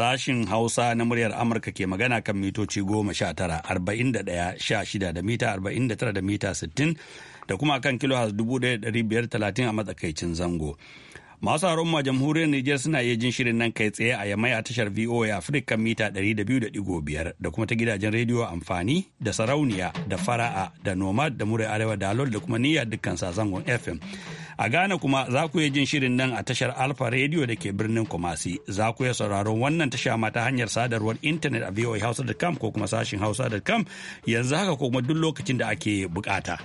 Sashin Hausa na muryar Amurka ke magana kan mitoci goma sha tara arba'in da ɗaya sha shida da mita arba'in da tara da mita sittin da kuma kan kilo dubu ɗaya ɗari biyar talatin a matsakaicin zango. Masu harumma jamhuriyar Nijar suna iya jin shirin nan kai tsaye a yamai a tashar VOA Africa mita 200.5 da kuma ta gidajen rediyo amfani da sarauniya da fara'a da nomad da murai arewa da alol da kuma niyyar dukkan zangon FM. A Ghana kuma za ku jin shirin nan a tashar Alfa Radio da ke birnin Kumasi. Za ku iya sauraron wannan tasha ma ta hanyar sadarwar intanet a voahausa.com ko kuma sashin hausa.com yanzu haka ko kuma duk lokacin da ake bukata.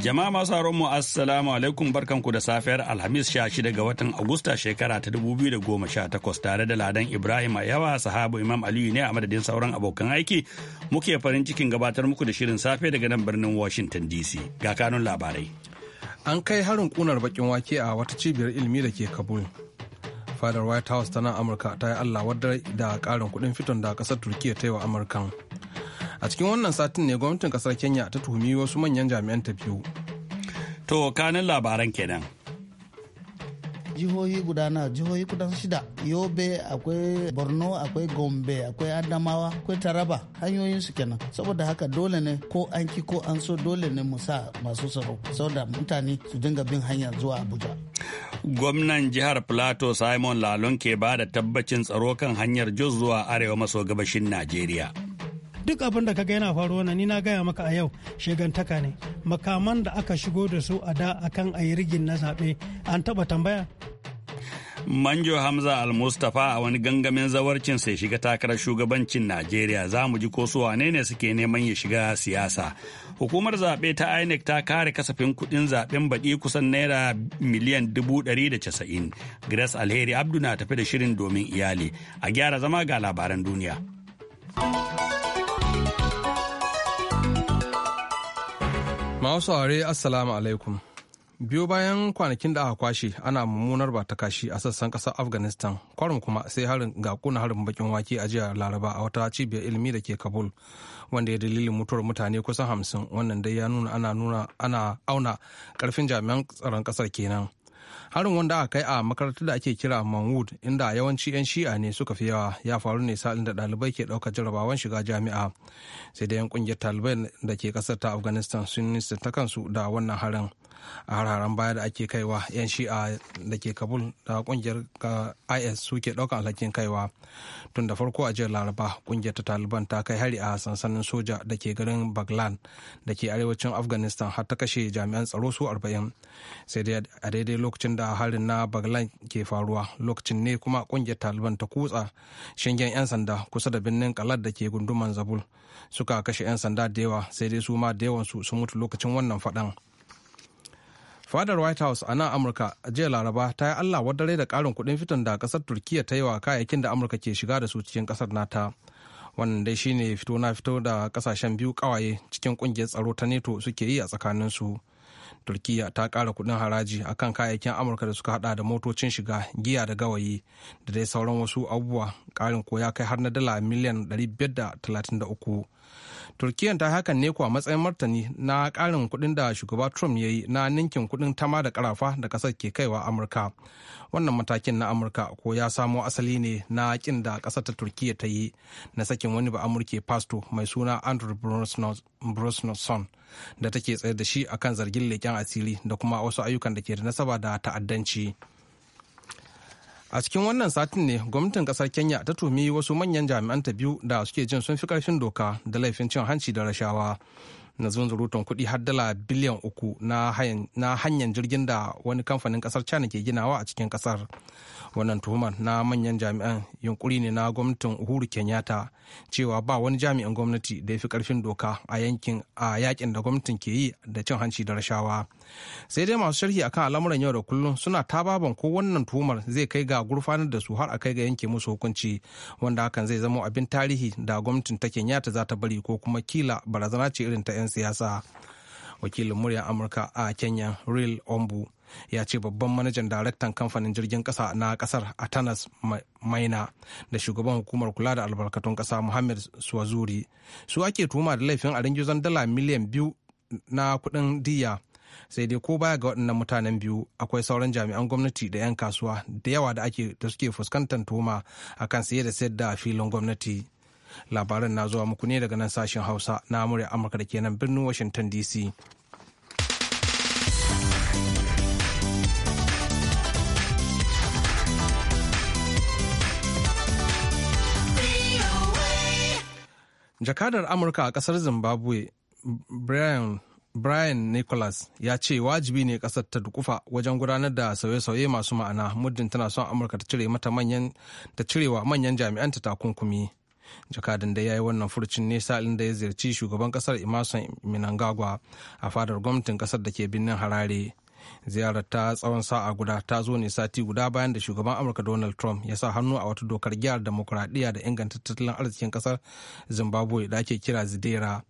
Jama'a masu haron mu assalamu alaikum barkanku da safiyar Alhamis 16 ga watan Agusta shekara ta 2018 tare da Ladan Ibrahim a yawa sahabu Imam Aliyu ne a madadin sauran abokan aiki muke farin cikin gabatar muku da shirin safe daga nan birnin Washington DC ga kanun labarai. An kai harin kunar bakin wake a wata cibiyar ilimi da ke Kabul. Fadar White House ta nan Amurka ta yi Allah wadda da karin kuɗin fiton da ƙasar Turkiyya ta yi wa Amurkan. a cikin wannan satin ne gwamnatin kasar kenya ta tuhumi wasu manyan jami'an ta biyu to kanin labaran kenan jihohi guda na jihohi kudan shida yobe akwai borno akwai gombe akwai adamawa akwai taraba hanyoyin su kenan saboda haka dole ne ko an ki ko an so dole ne mu sa masu tsaro saboda mutane su dinga bin hanya zuwa abuja gwamnan jihar plato simon lalon ke ba da tabbacin tsaro kan hanyar jos zuwa arewa maso gabashin najeriya duk abin da kaga yana faruwa na ni na gaya maka a yau shegantaka ne makaman da aka shigo da su a da akan a yi rigin na zaɓe an taɓa tambaya Manjo Hamza Al-Mustapha a wani gangamin zawarcin sai shiga takarar shugabancin Najeriya za mu ji ko su wane ne suke neman ya shiga siyasa. Hukumar zaɓe ta INEC ta kare kasafin kuɗin zaɓen baɗi kusan naira miliyan dubu ɗari da casa'in. Grace Alheri Abdu na tafi da shirin domin iyali. A gyara zama ga labaran duniya. Masu Assalamu alaikum. Biyo bayan kwanakin da aka kwashe ana mummunar ba ta kashi a sassan ƙasar Afghanistan, kwarin kuma sai harin ga kuna harin bakin wake a jiya Laraba a wata cibiyar ilimi da ke Kabul, wanda ya dalilin mutuwar mutane kusan hamsin wannan dai ya nuna ana auna ƙarfin jami'an tsaron ƙasar kenan. harin wanda aka kai a makarantar da ake kira manwood inda yawanci 'yan shi'a ne suka fi yawa ya faru ne sa'in da dalibai ke ɗaukar jarabawan shiga jami'a sai da 'yan ƙungiyar talibai da ke ƙasar ta afghanistan sun nista ta kansu da wannan harin a hararen baya da ake kaiwa 'yan shi'a da ke kabul da kungiyar is suke ɗaukar alhakin kaiwa tun da farko a jiyar laraba kungiyar ta taliban ta kai hari a sansanin soja da ke garin baglan da ke arewacin afghanistan har ta kashe jami'an tsaro su arba'in sai dai a daidai lokacin da harin na baglan ke faruwa lokacin ne kuma kungiyar taliban ta kutsa shingen 'yan sanda kusa da birnin kalad da ke gunduman zabul suka kashe 'yan sanda da yawa sai dai su ma da yawansu sun mutu lokacin wannan faɗan. fadar white house a nan amurka a jiya laraba ta yi allah wadare da karin kuɗin fitan da kasar turkiya ta yi wa kayayyakin da amurka ke shiga da su cikin kasar nata wannan dai shine fito na fito da kasashen biyu kawaye cikin ƙungiyar tsaro ta neto suke yi a tsakaninsu turkiya ta kara kuɗin haraji akan kayayyakin amurka da suka hada da motocin shiga giya da gawayi da dai sauran wasu abubuwa karin ko ya kai har na dala miliyan 533 turkiyan ta hakan ne kuwa matsayin martani na karin kuɗin da shugaba trump ya yi na ninkin kuɗin tama da karafa da ƙasar ke kaiwa amurka wannan matakin na amurka ko ya samo asali ne na kin da ƙasar ta turkiyya ta yi na sakin wani ba amurke pasto mai suna andrew brosnason da take tsayar da shi akan zargin leƙen asiri da kuma wasu ayyukan da ke da nasaba da ta'addanci. a cikin wannan satin ne gwamnatin kasar kenya ta tumi wasu manyan jami'an ta biyu da suke jin sun fi karfin doka da laifin cin hanci da rashawa na zunzurutun kuɗi har dala biliyan uku na hanyar jirgin da wani kamfanin kasar china ke ginawa a cikin kasar wannan tuhumar na manyan jami'an yunkuri ne na gwamnatin uhuru kenyatta cewa ba wani jami'in gwamnati da ya fi karfin doka a yankin a yakin da gwamnatin ke yi da cin hanci da rashawa sai dai masu sharhi akan al'amuran yau da kullum suna tababan ko wannan tuhumar zai kai ga gurfanar da su har a kai ga yanke musu hukunci wanda hakan zai zama abin tarihi da gwamnatin ta kenya ta za ta bari ko kuma kila barazana ce irin ta 'yan siyasa wakilin muryar amurka a kenya real ombu ya ce babban manajan daraktan kamfanin jirgin kasa na kasar atanas maina da shugaban hukumar kula da albarkatun kasa muhammad swazuri su ake tuhuma da laifin a ringizon dala miliyan biyu na kudin diya sai dai ko baya ga waɗannan mutanen biyu akwai sauran jami'an gwamnati da 'yan kasuwa da yawa da ake da suke fuskantar tuhuma kan saye da sayar da filin gwamnati labaran na zuwa muku ne daga nan sashen hausa na amurya amurka da kenan birnin washington dc jakadar amurka a kasar zimbabwe brian Brian Nicholas ya ce wajibi ne kasar ta dukufa wajen gudanar da sauye-sauye masu ma'ana muddin tana son Amurka ta cire mata manyan ta cirewa manyan jami'an ta takunkumi. Jakadan da ya yi wannan furucin ne inda da ya ziyarci shugaban kasar Emerson Minangagwa a fadar gwamnatin kasar da ke birnin Harare. Ziyarar ta tsawon sa'a guda ta zo ne sati guda bayan da shugaban Amurka Donald Trump ya sa hannu a wata dokar gyara demokuraɗiyya da inganta tattalin arzikin kasar Zimbabwe da ake kira Zidera.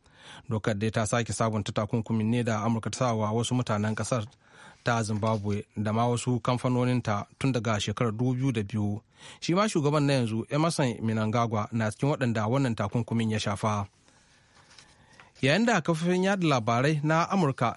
dokar dai ta sake sabunta takunkumin ne da amurka ta sawa wasu mutanen kasar ta zimbabwe da ma wasu kamfanoninta tun daga shekarar 2002 shi ma shugaban na yanzu emerson minangagwa na cikin waɗanda wannan takunkumin ya shafa yayin da kafofin yada labarai na amurka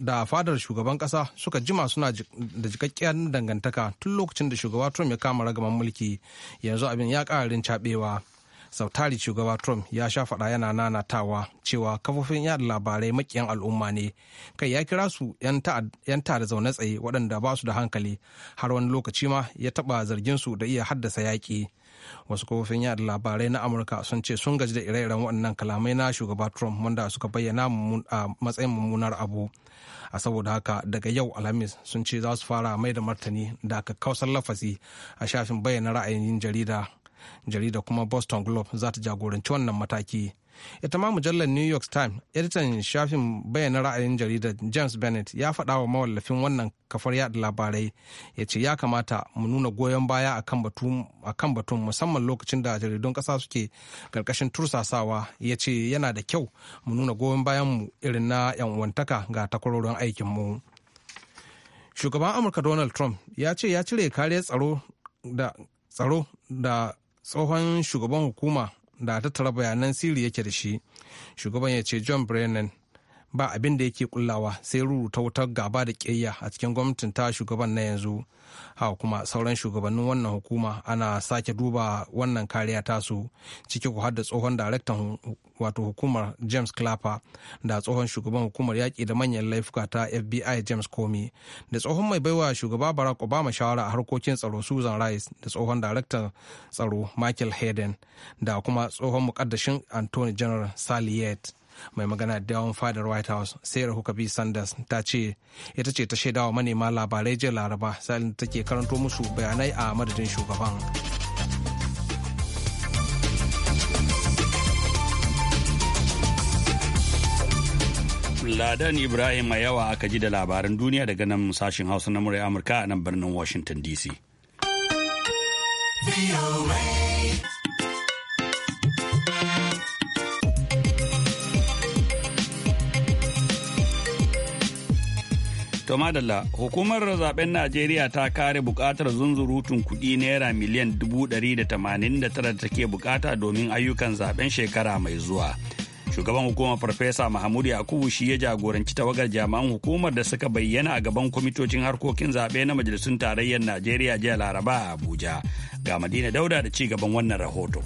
da fadar shugaban kasa suka jima suna da jikakkiyar dangantaka tun lokacin da shugaba trump ya kama ragaman mulki yanzu abin ya ƙararin cabewa sautari shugaba trump ya sha faɗa yana nanatawa cewa kafofin yada labarai makiyan al'umma ne kai ya kira su 'yan da zaune tsaye waɗanda ba su da hankali har wani lokaci ma ya taɓa zargin su da iya haddasa yaƙi wasu kafofin yada labarai na amurka sun ce sun gaji da ire-iren waɗannan kalamai na shugaba trump wanda suka bayyana a matsayin mummunar abu a saboda haka daga yau alhamis sun ce za su fara mai da martani da aka lafasi lafazi a shafin bayyana ra'ayin jarida jaridar kuma boston globe za ta jagoranci wannan mataki ita ma mujallar new york times editan shafin bayyana ra'ayin jaridar james bennett ya faɗa wa mawallafin wannan kafar yada labarai ya ce ya kamata mu nuna goyon baya a kan batun musamman lokacin da jaridun ƙasa suke ƙarƙashin tursasawa ya ce yana da kyau mu nuna goyon bayanmu irin na 'yan uwantaka ga takwarorin aikinmu shugaban amurka donald trump ya ce ya cire kariyar tsaro da tsaro da tsohon shugaban hukuma da tattara bayanan sirri yake da shi shugaban ya ce john brennan ba abin da yake kullawa sai ruruta wutar gaba da ƙiyayya a cikin gwamnatin ta shugaban na yanzu ha kuma sauran shugabannin wannan hukuma ana sake duba wannan kariya tasu ciki ku har da tsohon daraktan wato hukumar james clapper da tsohon shugaban hukumar yaƙi da manyan laifuka ta fbi james comey da tsohon mai baiwa shugaba barack obama shawara a harkokin tsaro susan rice da tsohon daraktan tsaro michael hayden da kuma tsohon mukaddashin anthony general sally mai magana da yawan fadar white house sarah huckabee sanders ta ce ita ce ta shaida wa manema labarai jiya laraba sai ta take karanto musu bayanai a madadin shugaban Ladan Ibrahim a yawa aka ji da labaran duniya daga nan sashen Hausa na murai Amurka a nan birnin Washington DC. To madalla hukumar zaben Najeriya ta kare bukatar zunzurutun kuɗi naira miliyan 189 da tara take bukata domin ayyukan zaben shekara mai zuwa. Shugaban hukumar Farfesa Mahmud Yakubu shi ya jagoranci tawagar jami'an hukumar da suka bayyana a gaban kwamitocin harkokin zaɓe na Majalisun Tarayyar Najeriya jiya Laraba a Abuja. Ga Madina Dauda da ci gaban wannan rahoto.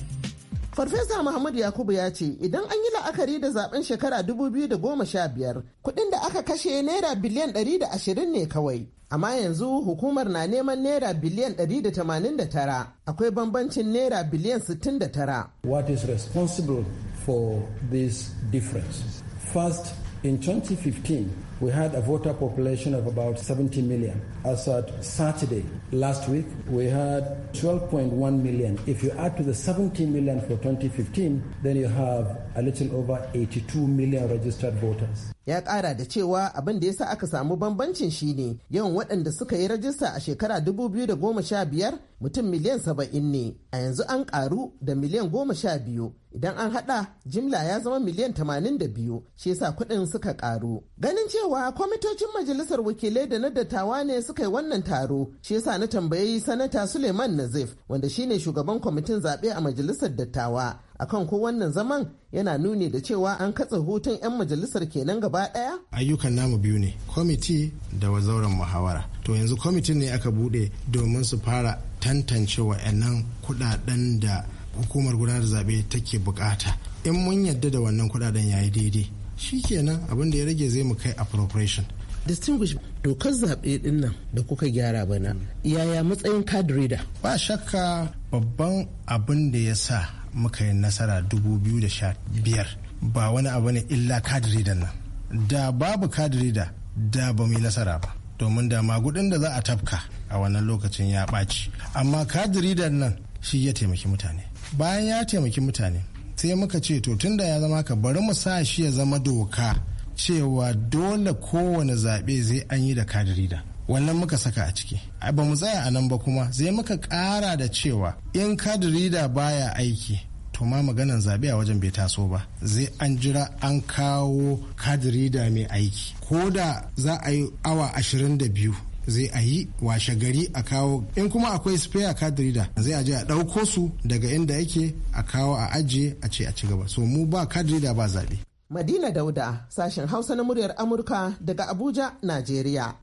Farfesa Muhammadu Yakubu ya ce idan an yi la'akari da zaben shekara 2015 kuɗin da aka kashe naira biliyan 120 ne kawai. Amma yanzu hukumar na neman naira biliyan 189 akwai bambancin naira biliyan 69. What is responsible for this difference? First, in 2015 We had a voter population of about 70 million. As at Saturday last week, we had 12.1 million. If you add to the 70 million for 2015, then you have a little over 82 million registered voters. ya kara da cewa abin da ya sa aka samu bambancin shine yawan waɗanda suka yi rajista a shekara 2015 mutum miliyan 70 ne a yanzu an karu da miliyan 12 idan an hada jimla ya zama miliyan 82 shi yasa kuɗin suka karu ganin cewa kwamitocin majalisar wakilai da na dattawa ne suka yi wannan taro shi yasa na tambayi sanata suleiman nazif wanda shine shugaban kwamitin zaɓe a majalisar dattawa akan ko wannan zaman yana nuni da cewa an katse hutun 'yan majalisar kenan gaba daya ayyukan namu biyu ne kwamiti da wazauren muhawara to yanzu kwamitin ne aka bude domin su fara tantance wa'annan kudaden da hukumar gudanar zaɓe take bukata in mun yadda da wannan kudaden yayi daidai shi kenan abin da ya rage zai mu kai appropriation distinguish dokar zaɓe ɗin nan da kuka gyara bana yaya matsayin card ba shakka babban abin da ya sa muka yi nasara 2015 ba wani abu ne illa card reader nan da babu card reader da ba mu yi nasara ba domin da magudin da za a tafka a wannan lokacin ya ɓaci amma card nan shi ya taimaki mutane bayan ya taimaki mutane sai muka ce to tunda ya zama ka bari mu sa shi ya zama doka cewa dole kowane zaɓe zai an yi da kadirida wannan muka saka a ciki ba mu tsaya a nan ba kuma zai muka ƙara da cewa in kadirida baya aiki to ma maganan zaɓe a wajen bai taso ba zai an jira an kawo kadirida mai aiki ko da za a yi awa ashirin da biyu zai a yi washe gari a kawo in kuma akwai spare card reader zai aje a ɗauko su daga inda yake a kawo a ajiye a ce a ci gaba so mu ba card reader ba zaɓe Madina Dauda, sashen Hausa na muryar Amurka daga Abuja, Najeriya.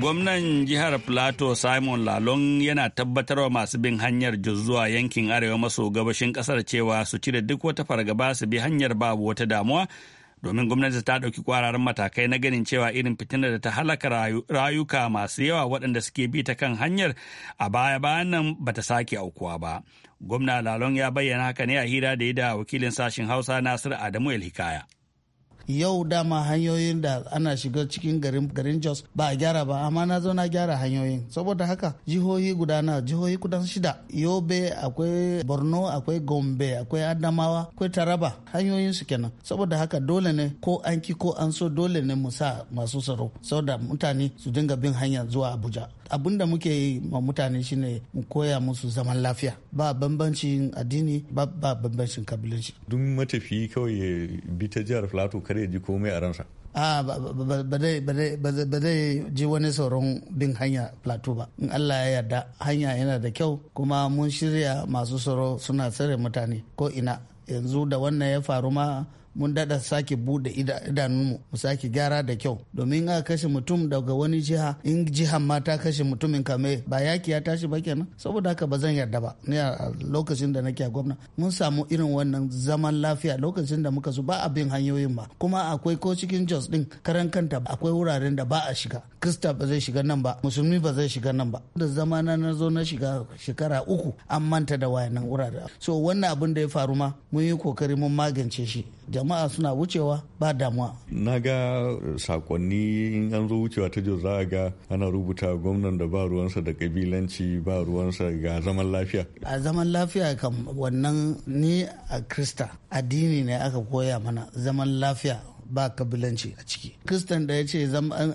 Gwamnan jihar Plateau Simon Lalong yana tabbatarwa masu bin hanyar zuwa yankin arewa maso gabashin kasar cewa su cire duk wata fargaba su bi hanyar babu wata damuwa domin gwamnati ta ɗauki ƙwararren matakai na ganin cewa irin fitinar da ta halaka rayuka masu yawa waɗanda suke bi ta kan hanyar a baya bayan nan ba ta sake aukuwa ba gwamna lalon ya bayyana haka ne a hira da ya da wakilin sashen hausa Nasiru adamu el hikaya yau dama hanyoyin da ana shiga cikin garin garin jos ba a gyara ba amma na zo na gyara hanyoyin saboda haka jihohi guda na jihohi kudan shida yobe akwai borno akwai gombe akwai adamawa akwai taraba hanyoyin su kenan saboda haka dole ne ko an ki ko an so dole ne mu sa masu tsaro saboda mutane su dinga bin hanya zuwa abuja abin da muke yi ma mutane shine mu koya musu zaman lafiya ba bambancin addini ba bambancin kabilanci duk matafiyi kawai ya bi ta jihar filato kar ya ji komai a ransa ba zai ji wani sauran bin hanya plateau ba in allah ya yarda hanya yana da kyau kuma mun shirya masu sauro suna tsare mutane ko ina yanzu da wannan ya faru ma mun dada sake bude idanunmu mu sake gyara da kyau domin aka kashe mutum daga wani jiha in jihan ma ta kashe mutumin kame ba yaki ya tashi ba kenan saboda haka ba zan yarda ba ni a lokacin da nake a gwamna mun samu irin wannan zaman lafiya lokacin da muka su ba a bin hanyoyin ba kuma akwai ko cikin jos din karan kanta akwai wuraren da ba a shiga krista ba zai shiga nan ba musulmi ba zai shiga nan ba da zamana na zo na shiga shekara uku an manta da wayannan wuraren. so wannan abin da ya faru ma mun yi kokari mun magance shi jama'a suna wucewa ba damuwa na ga sakonni in an zo wucewa ta jos za a ga ana rubuta gwamnan da ba ruwansa da kabilanci ba ruwansa ga zaman lafiya a zaman lafiya kam wannan ni a krista addini ne aka koya mana zaman lafiya ba kabilanci a ciki kristan da ya ce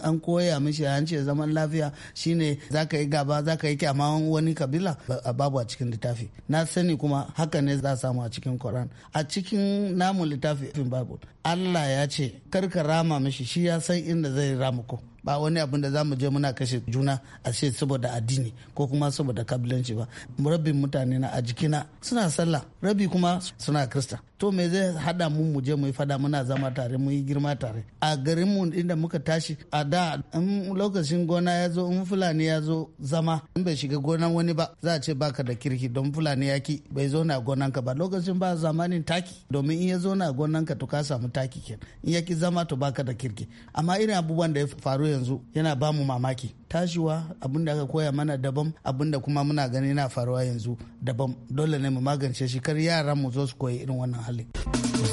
an koya mishi an ce zaman lafiya shine za ka yi gaba za ka yi kyama wani kabila A babu a cikin littafi na sani kuma haka ne za samu a cikin koran a cikin namun littafi bible allah ya ce kar ka rama mishi shi ya san inda zai rama ko ba wani abin da za mu je muna kashe juna a ce saboda addini ko kuma saboda kabilanci ba rabin mutane na a jikina suna sallah rabi kuma suna krista to me zai hada mu mu je mu yi fada muna zama tare mu yi girma tare a garin mu inda muka tashi a da in lokacin gona ya zo in fulani ya zo zama in bai shiga gonan wani ba za a ce baka da kirki don fulani ya ki bai zo na gonan ka ba lokacin ba zamanin taki domin in ya zo na gonan ka to ka samu taki kenan in ya ki zama to baka da kirki amma irin abubuwan da ya faru yanzu yana bamu mamaki tashiwa abin da aka koya mana daban abin da kuma muna gani na faruwa yanzu daban dole ne mu magance shi kar yaran mu zo su koyi irin wannan halin.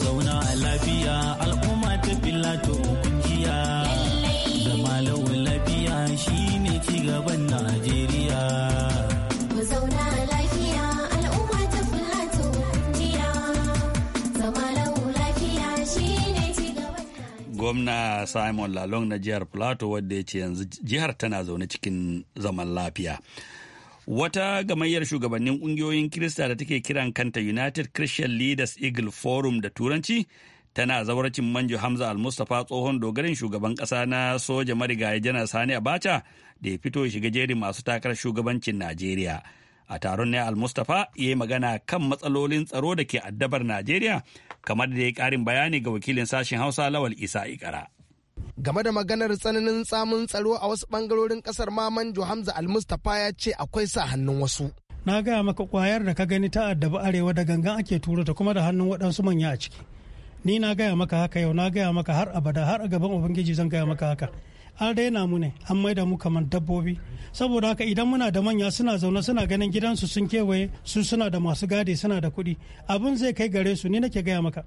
Zauna a lafiya al'umma ta filato gwamna Simon Lalong na jihar Plateau wadda ya ce yanzu jihar tana zaune cikin zaman lafiya. Wata gamayyar shugabannin ƙungiyoyin Kirista da take kiran kanta United Christian Leaders Eagle Forum da Turanci tana zauracin manjo Hamza Al-Mustapha tsohon dogarin shugaban ƙasa na soja marigayi janar Sani Abacha da ya fito shiga jerin masu takarar shugabancin Najeriya. a taron ne al ya yi magana kan matsalolin tsaro da ke addabar najeriya kamar da ya karin bayani ga wakilin sashen hausa lawal isa ikara game da maganar tsananin tsamin tsaro a wasu bangarorin kasar mamanjo hamza al-mustapha ya ce akwai sa hannun wasu na gaya maka kwayar da ka gani ta addabi arewa da gangan ake turo ta kuma da hannun waɗansu manya a ciki ni na gaya maka haka yau na gaya maka har abada har a gaban ubangiji zan gaya maka haka an raina mu ne an maida mu kamar dabbobi saboda haka idan muna da manya suna zaune suna ganin gidansu sun kewaye su suna da masu gadi suna da kuɗi abin zai kai gare su ni nake gaya maka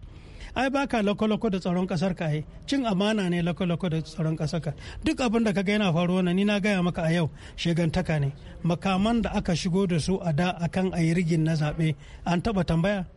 ai baka lokoloko da tsaron kasar ka cin amana ne lokoloko da tsaron kasar ka duk abin da kaga yana faruwa na ni na gaya maka a yau shegantaka ne makaman da aka shigo da su a da akan ayi rigin na zaɓe an taɓa tambaya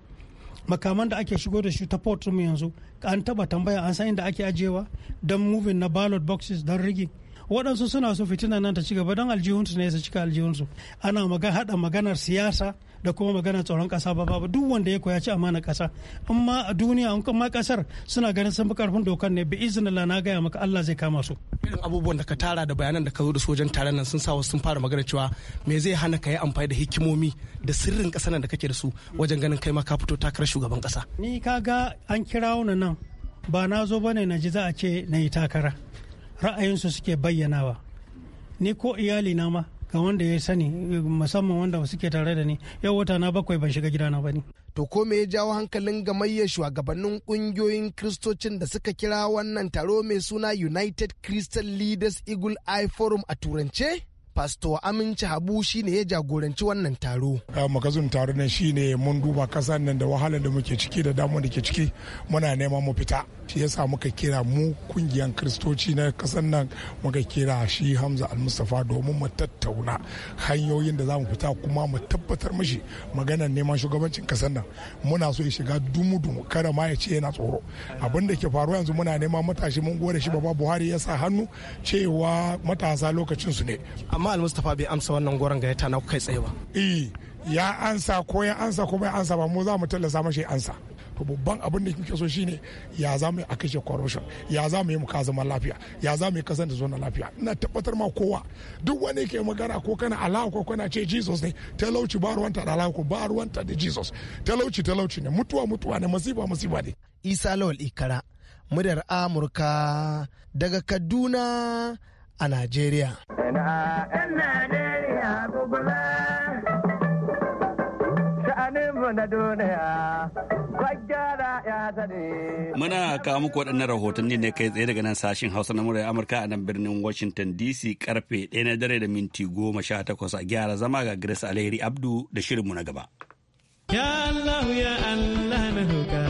makaman da ake shigo da shi ta port mu yanzu an taba tambaya an san inda ake ajiyewa don moving na ballot boxes don rigging waɗansu suna so fitina nan ta ci gaba don aljihunsu ne su cika aljihunsu ana haɗa maganar siyasa da kuma magana tsaron kasa ba babu duk wanda ya koya ci amana kasa amma a duniya an kuma kasar suna ganin sun fi karfin dokar ne bi iznillah na gaya maka Allah zai kama su irin abubuwan da ka tara da bayanan da ka zo da sojan taron nan sun sa wasu sun fara magana cewa me zai hana ka yi amfani da hikimomi da sirrin kasa nan da kake da su wajen ganin kai ma ka fito takarar shugaban kasa ni kaga an kirawo nan ba na zo bane na ji za a ce na yi takara ra'ayinsu suke bayyanawa ni ko iyali na ma ga wanda ya sani musamman wanda suke tare da ni yau wata na bakwai ban shiga gidana ba ne. To ko me ya jawo hankalin gamayyar shugabannin kungiyoyin kristocin da suka kira wannan taro mai suna United Christian Leaders Eagle Eye Forum a turance? Pasto Aminci Habu shine ya jagoranci wannan taro. Magazin taro nan shine mun duba kasan nan da wahalar da muke ciki da damar da ke ciki muna neman mu fita. Shi yasa muka kira mu kungiyan kristoci na kasan nan muka kira shi Hamza Al-Mustafa domin mu tattauna hanyoyin da za mu fita kuma mu tabbatar mishi maganar neman shugabancin kasan nan. Muna so ya shiga dumu-dumu kada ma ya ce yana tsoro. Abin da ke faruwa yanzu muna neman matashi mun gode shi baba Buhari ya sa hannu cewa matasa lokacin su ne. amma almustapha bai amsa wannan goron ya na kai tsaye ba eh ya ansa ko ya ansa ko bai ansa ba mu za mu tallasa mashi ansa to babban abin da kike so shine ya za mu a kashe corruption ya za mu yi mu zama lafiya ya za mu yi kasan da zona lafiya ina tabbatar ma kowa duk wani ke magana ko kana alawa ko kana ce jesus ne talauci ba ruwanta da Allah ko ba ruwanta da jesus talauci talauci ne mutuwa mutuwa ne masifa masifa ne isa lawal ikara muryar amurka daga kaduna a Najeriya. Muna kawo muku waɗannan rahotanni ne kai tsaye daga nan sashen Hausa na murai Amurka a nan birnin Washington DC karfe 1 na dare da minti goma sha a gyara zama ga Grace Alheri Abdu da shirinmu na gaba. Ya Allah ya Allah na roƙa.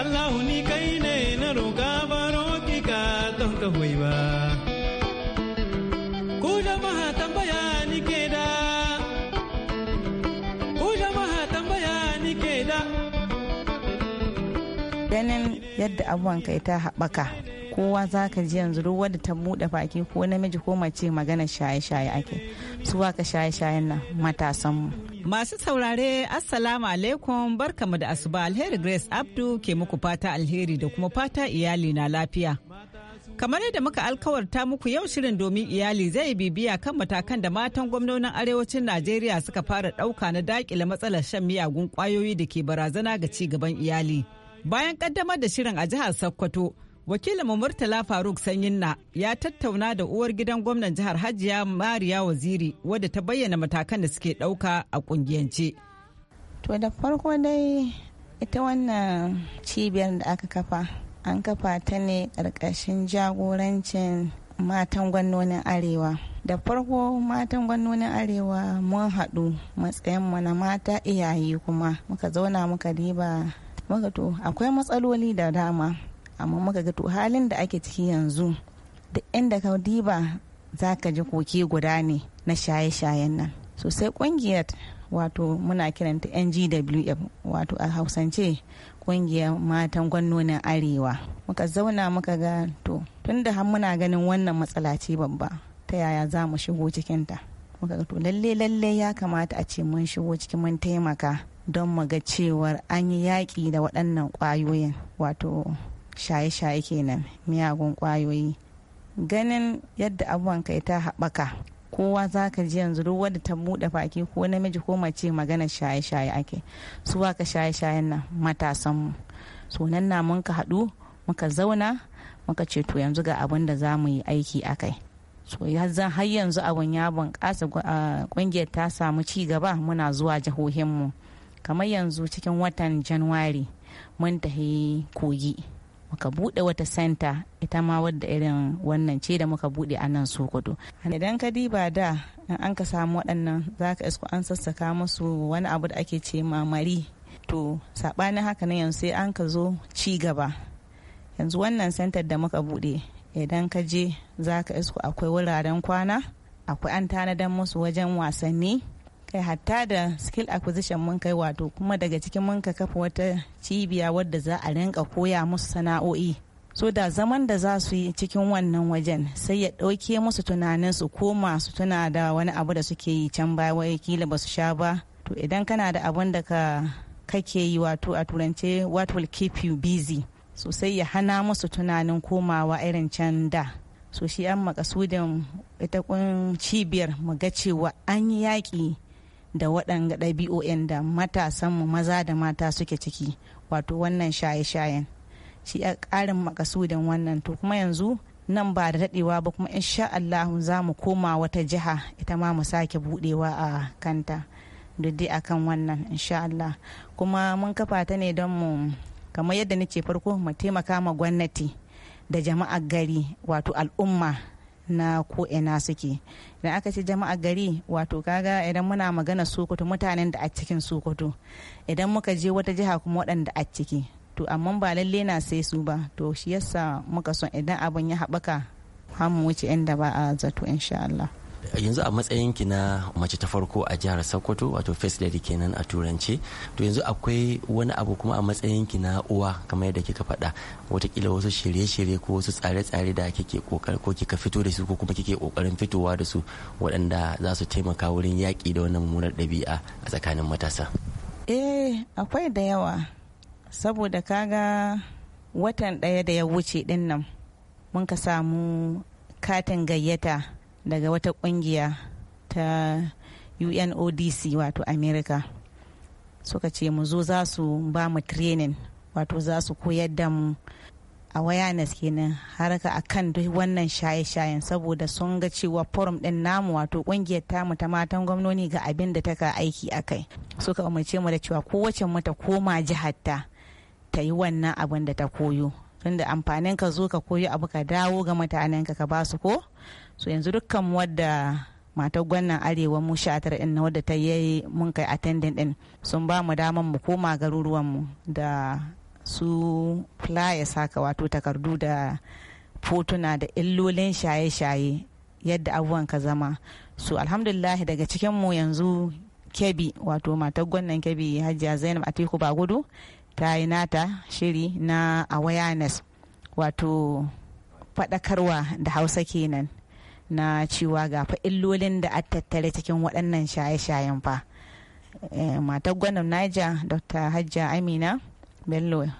Allah ni kai yadda abubuwan kai ta haɓaka kowa za ka ji yanzu ruwa da ta buɗe baki ko namiji ko mace magana shaye-shaye ake su ka shaye-shayen nan matasan mu. Masu saurare Assalamu alaikum barkamu da asuba alheri Grace Abdu ke muku fata alheri da kuma fata iyali na lafiya. Kamar yadda muka alkawarta muku yau shirin domin iyali zai bibiya kan matakan da matan gwamnonin arewacin Najeriya suka fara ɗauka na daƙile matsalar shan miyagun ƙwayoyi da ke barazana ga ci gaban iyali. Bayan kaddamar da shirin a jihar Sokoto, wakilin Murtala Faruk Sanyinna ya tattauna da uwar gidan gwamnan jihar Hajiya Mariya Waziri wadda ta bayyana matakan da suke dauka a kungiyance. To da farko dai ita wannan cibiyar da aka kafa, an kafa ta ne karkashin jagorancin matan gwanonin arewa da farko matan gwanonin arewa mun haɗu matsayin na mata iyaye kuma muka zauna muka riba muka to akwai matsaloli da dama amma muka to halin da ake ciki yanzu da inda ka diba za ka ji koke guda ne na shaye-shayen nan sosai kungiyar wato muna kiranta ngwf wato a hausance kungiyar matan gwannonin arewa muka zauna muka ga to tun da har muna ganin wannan matsala ce babba ta yaya za mu shigo cikinta muka ga to lalle lalle ya kamata a ce mun shigo cikin mun taimaka don muga ga cewar an yi yaƙi da waɗannan ƙwayoyin wato shaye-shaye kenan miyagun ƙwayoyi ganin yadda abubuwan kai ta haɓaka kowa za ka ji yanzu duk wadda ta buɗe baki ko namiji ko mace magana shaye-shaye ake su ka shaye-shayen nan matasan mu so nan na mun ka haɗu muka zauna muka ce to yanzu ga abin da za mu yi aiki akai kai so har yanzu abin ya bunƙasa ƙungiyar ta samu ci gaba muna zuwa jihohinmu mu kamar yanzu cikin watan januwari mun tafi kogi muka buɗe wata senta ita ma wadda irin wannan ce da muka buɗe a nan sokoto idan ka diba da an ka samu waɗannan za ka isko an sassaka musu wani abu da ake ce mamari to saɓanin haka na yanzu sai an ka zo ci gaba yanzu wannan sentar da muka buɗe idan ka je za ka isko akwai wuraren kwana akwai an tanadan musu wajen wasanni kai hatta da skill acquisition mun kai wato kuma daga cikin mun ka kafa wata cibiya wadda za a rinka koya musu sana'o'i so da zaman da za su yi cikin wannan wajen sai ya ɗauke musu tunanin su ko masu tuna da wani abu da suke yi can baya wai kila ba su sha ba to idan kana da abun da ka kake yi wato a turance what will keep you busy sosai ya hana musu tunanin komawa irin can da so shi an makasudin ita kun cibiyar mu ga cewa an yi yaƙi da waɗanga ɗabi'o'in da matasan mu maza da mata suke ciki wato wannan shaye-shayen shi a ƙarin makasudin wannan to kuma yanzu nan ba da daɗewa ba kuma insha Allah za mu koma wata jiha ita ma mu sake buɗewa a kanta duk dai akan wannan insha Allah kuma mun kafa ta ne don mu kamar yadda nake farko mu taimaka ma gwamnati da jama'ar gari wato al'umma na ko ina suke da aka ce jama'a gari wato kaga idan muna magana sokoto mutanen da a cikin sokoto idan muka je wata jiha kuma waɗanda a ciki to amma ba lalle na sai su ba to shi yasa muka son idan abin ya haɓaka mu wuce inda ba a zato insha Allah yanzu a matsayin ki na mace ta farko a jihar Sokoto wato first lady kenan a turance to yanzu akwai wani abu kuma a matsayin ki na uwa kamar yadda kika faɗa watakila wasu shirye-shirye ko wasu tsare-tsare da kike kokar ko kika fito da su ko kuma kike kokarin fitowa da su waɗanda za su taimaka wurin yaƙi da wannan mummunar ɗabi'a a tsakanin matasa. Eh akwai da yawa saboda kaga watan ɗaya da ya wuce ɗin mun ka samu katin gayyata daga wata kungiya ta unodc wato america suka ce mu zo za su ba mu training wato za su koyar da mu A awareness kenan haraka akan duk wannan shaye-shayen saboda sun ga cewa forum din namu wato kungiyar tamu ta matan gwamnoni ga abin da taka aiki akai suka umarce mu da cewa kowace mata koma jiharta ta yi wannan abin da ta koyo tunda amfanin ka zo ka koyo abu ka dawo ga mutanen ka ka su ko so yanzu dukkan wadda matar gwannan arewa mu sha tara din na wadda ta yi mun kai attending din sun ba mu daman mu koma garuruwan mu da su flyers haka wato takardu da fotuna da illolin shaye-shaye yadda abubuwan ka zama su alhamdulillah daga cikin mu yanzu kebi wato matar gwannan kebi hajiya zainab atiku bagudu ta yi nata shiri na awareness wato faɗakarwa da hausa kenan na cewa ga fa illolin da a tattare cikin waɗannan shaye-shayen fa eh, matar gwanon naija dr hajja amina bello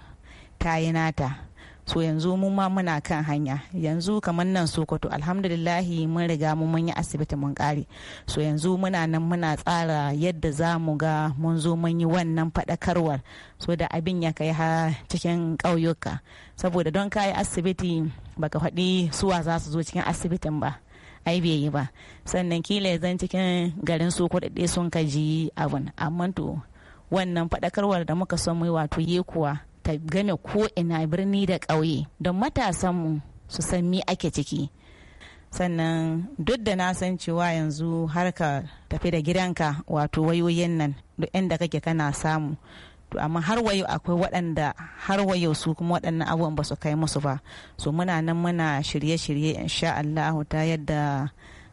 ta yi nata so yanzu mun ma muna kan hanya yanzu kamar nan sokoto alhamdulillahi mun riga mun mun yi asibiti mun kare so yanzu muna nan muna tsara yadda za mu ga mun zo mun yi wannan faɗakarwar so da abin ya kai ha cikin ƙauyuka saboda don kayi asibiti baka faɗi suwa za su zo cikin asibitin ba ai bai yi ba sannan kila zan cikin garin su kuɗaɗe sun kaji abun amma to wannan faɗakarwar da muka son mai wato ye kuwa ta gane ko ina birni da ƙauye don matasan mu su san mi ake ciki sannan duk da na san cewa yanzu harka tafi da gidanka wato wayoyin nan duk inda kake kana samu to amma har wayo akwai waɗanda har wayo su kuma waɗannan abubuwan ba su kai musu ba so muna nan muna shirye-shirye insha Allah ta yadda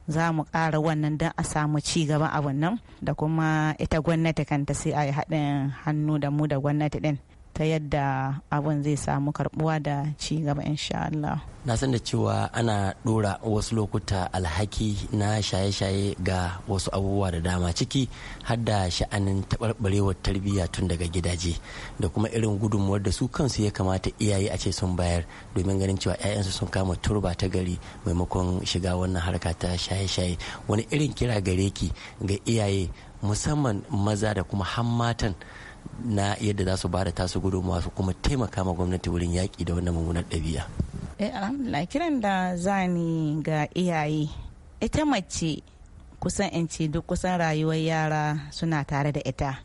za mu ƙara wannan don a samu ci gaban abun nan da kuma ita gwamnati kanta sai a yi haɗin hannu da mu da gwamnati ɗin ta yadda abun zai samu karbuwa da ci gaba Allah. Na san da cewa ana dora wasu lokuta alhaki na shaye-shaye ga wasu abubuwa da dama ciki har da sha'anin taɓarɓarewar tarbiyya tun daga gidaje da kuma irin gudunmuwar da su kansu ya kamata iyaye a ce sun bayar domin ganin cewa 'ya'yansu sun kama turba ta gari maimakon shiga wannan harka ta shaye-shaye wani irin kira gare ki ga iyaye musamman maza da kuma hammatan matan na yadda za su bada tasu gudu masu kuma taimaka ma gwamnati wurin yaƙi da wannan mummunar ɗabi'a. Eh alhamdulillah kiran da zani ga iyaye ita mace kusan in ce duk kusan rayuwar yara suna tare da ita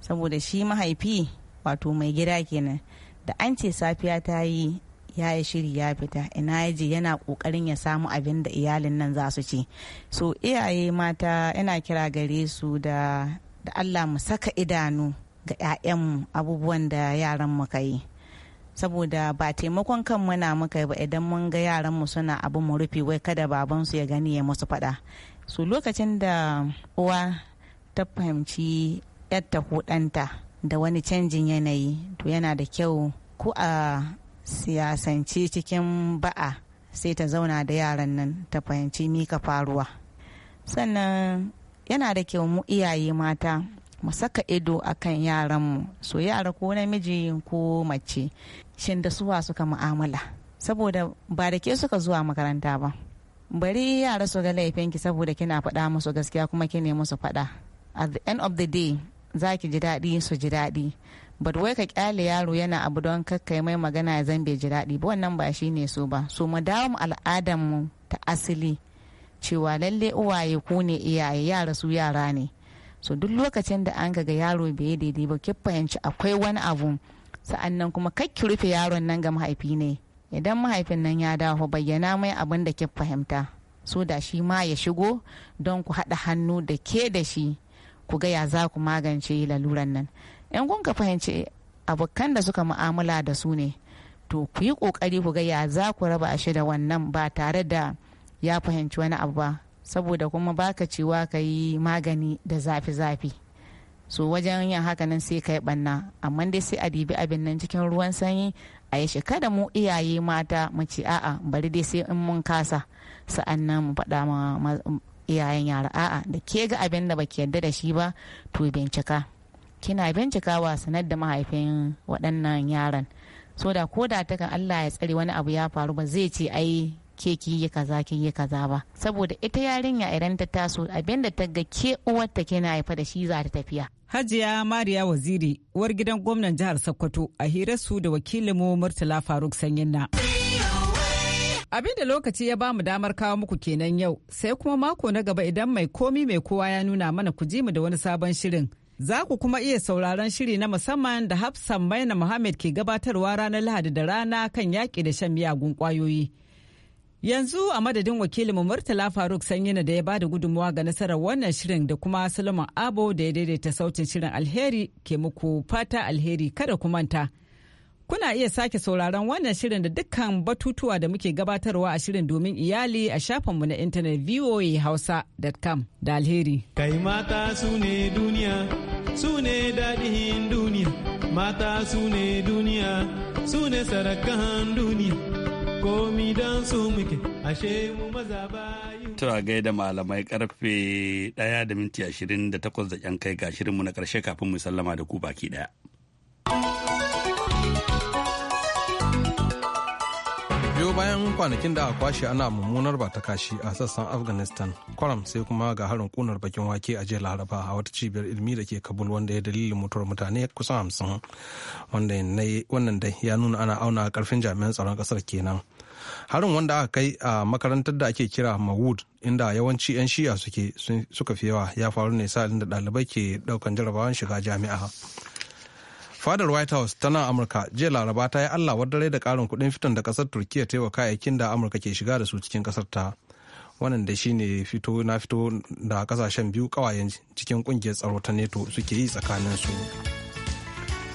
saboda shi mahaifi wato mai gida kenan da an ce safiya ta yi ya yi shiri ya fita ina ya yana kokarin ya samu abin da iyalin nan za su ci so iyaye mata yana kira gare su da allah mu saka idanu ga 'ya'yan abubuwan da yaran muka yi saboda ba taimakon kan muna muka yi ba idan mun ga yaran mu suna abu mu rufe wai kada baban su ya gani ya musu fada su lokacin da uwa ta fahimci yadda hudanta da wani canjin yanayi to yana da kyau ku a siyasance cikin ba'a sai ta zauna da yaran nan ta fahimci mika faruwa sannan yana da kyau mu iyaye mata mu saka ido a kan yaranmu so yara ko namiji ko mace shin da suwa suka mu'amala saboda ba da ke suka zuwa makaranta ba bari yara su ga laifinki saboda kina faɗa musu gaskiya kuma kine musu faɗa at the end of the day za ki ji daɗi su ji daɗi but wai ka kyale yaro yana abu don kakkai mai magana ya zambe ji daɗi ba wannan ba shi ne so ba so mu dawo mu al'adarmu ta asali cewa lalle uwaye ku ne iyaye yara su yara ne so duk lokacin da an ga yaro bai yi daidai ba ki fahimci akwai wani abu sa'annan kuma ki rufe yaron nan ga mahaifi ne idan mahaifin nan ya dawo bayyana mai abin da ki fahimta so da shi ma ya shigo don ku haɗa hannu da ke da shi ku ga ya za ku magance laluran nan in kun ka fahimci abokan da suka mu'amala da su ne to ku yi ƙoƙari ku ga ya za ku raba shi da wannan ba tare da ya fahimci wani abu ba saboda kuma baka cewa ka yi magani da zafi-zafi so wajen yin haka hakanan sai ka yi banna amma dai sai a dibi abin nan cikin ruwan sanyi a yi kada mu iyaye mata mu ce a'a bari dai sai in mun kasa sa'an nan mu faɗa ma iyayen yara a'a da ke ga abin da baki yarda da shi ba to bincika kina bincikawa sanar da mahaifin waɗannan yaran so da ko da takan Allah ya tsare wani abu ya faru ba zai ce ai ke ki kaza ki yi kaza ba saboda ita yarinya idan ta taso abin da ta ga ke uwarta kina haifa da shi za ta tafiya Hajiya Mariya Waziri uwar gidan gwamnan jihar Sokoto a hirarsu da wakilin mu Murtala Faruk Sanyinna. Abin da lokaci ya bamu damar kawo muku kenan yau, sai kuma mako na gaba idan mai komi mai kowa ya nuna mana ku ji mu da wani sabon shirin. Za ku kuma iya sauraron shiri na musamman da Hafsan Maina Muhammad ke gabatarwa ranar Lahadi da rana kan yaƙi da shan miyagun ƙwayoyi. Yanzu a madadin wakilin Murtala Faruk Sanyina da ya bada gudunmawa ga nasarar wannan shirin da kuma Solomon Abo da ya daidaita sautin shirin alheri ke muku fata alheri kada ku manta. Kuna iya sake sauraron wannan shirin da dukkan batutuwa da muke gabatarwa a shirin domin iyali a shafinmu na intanet voahausa.com da alheri. Kai mata su ne duniya, su ne dadihin duniya, mata su ne duniya, su ne sarakan duniya. komi don su muke ashe mu maza bayu. Ta gaida malamai karfe ɗaya da minti ashirin da takwas da yan kai ga shirinmu na ƙarshe kafin mu sallama da ku baki ɗaya. biyo bayan kwanakin da aka kwashe ana mummunar ba ta kashi a sassan afghanistan kwaram sai kuma ga harin kunar bakin wake a jiya laraba a wata cibiyar ilimi da ke kabul wanda ya dalilin mutuwar mutane kusan hamsin wannan dai ya nuna ana auna karfin jami'an tsaron kasar kenan harin wanda aka kai a makarantar da ake kira mawud inda yawanci 'yan shi'a suke suka fi yawa ya faru ne sa'ilin da ɗalibai ke ɗaukan jarabawan shiga jami'a fadar white house tana amurka jiya laraba ta yi allah dare da ƙarin kuɗin fitan da ƙasar turkiya ta yi wa kayayyakin da amurka ke shiga da su cikin ƙasar ta wannan da shine fito na fito da ƙasashen biyu ƙawayen cikin ƙungiyar tsaro ta neto suke yi tsakanin su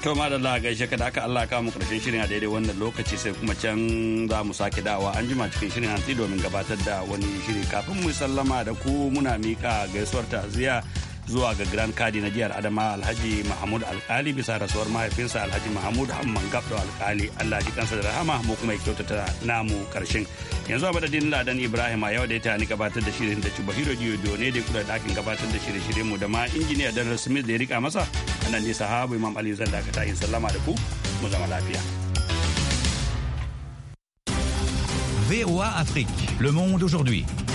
To madalla gaishe ka da aka Allah ka mu karshen shirin a daidai wannan lokaci sai kuma can za mu sake dawa an jima cikin shirin hantsi domin gabatar da wani shiri kafin mu sallama da ku muna miƙa gaisuwar ta'aziyya zuwa ga Grand Kadi na jihar Adama Alhaji Mahmud Alkali bisa rasuwar mahaifinsa Alhaji Mahmud Hamman Gabdo Alkali Allah ji kansa da rahama mu kuma ya kyautata namu karshen. Yanzu a madadin Ladan Ibrahim a yau da ta ni gabatar da shirin da Chubahiro Diyo ne da kula dakin gabatar da shirye shirye mu da ma injiniya dan Smith da ya rika masa anan ne sahabu Imam Ali zan dakata in sallama da ku mu zama lafiya. VOA Afrique, le monde aujourd'hui.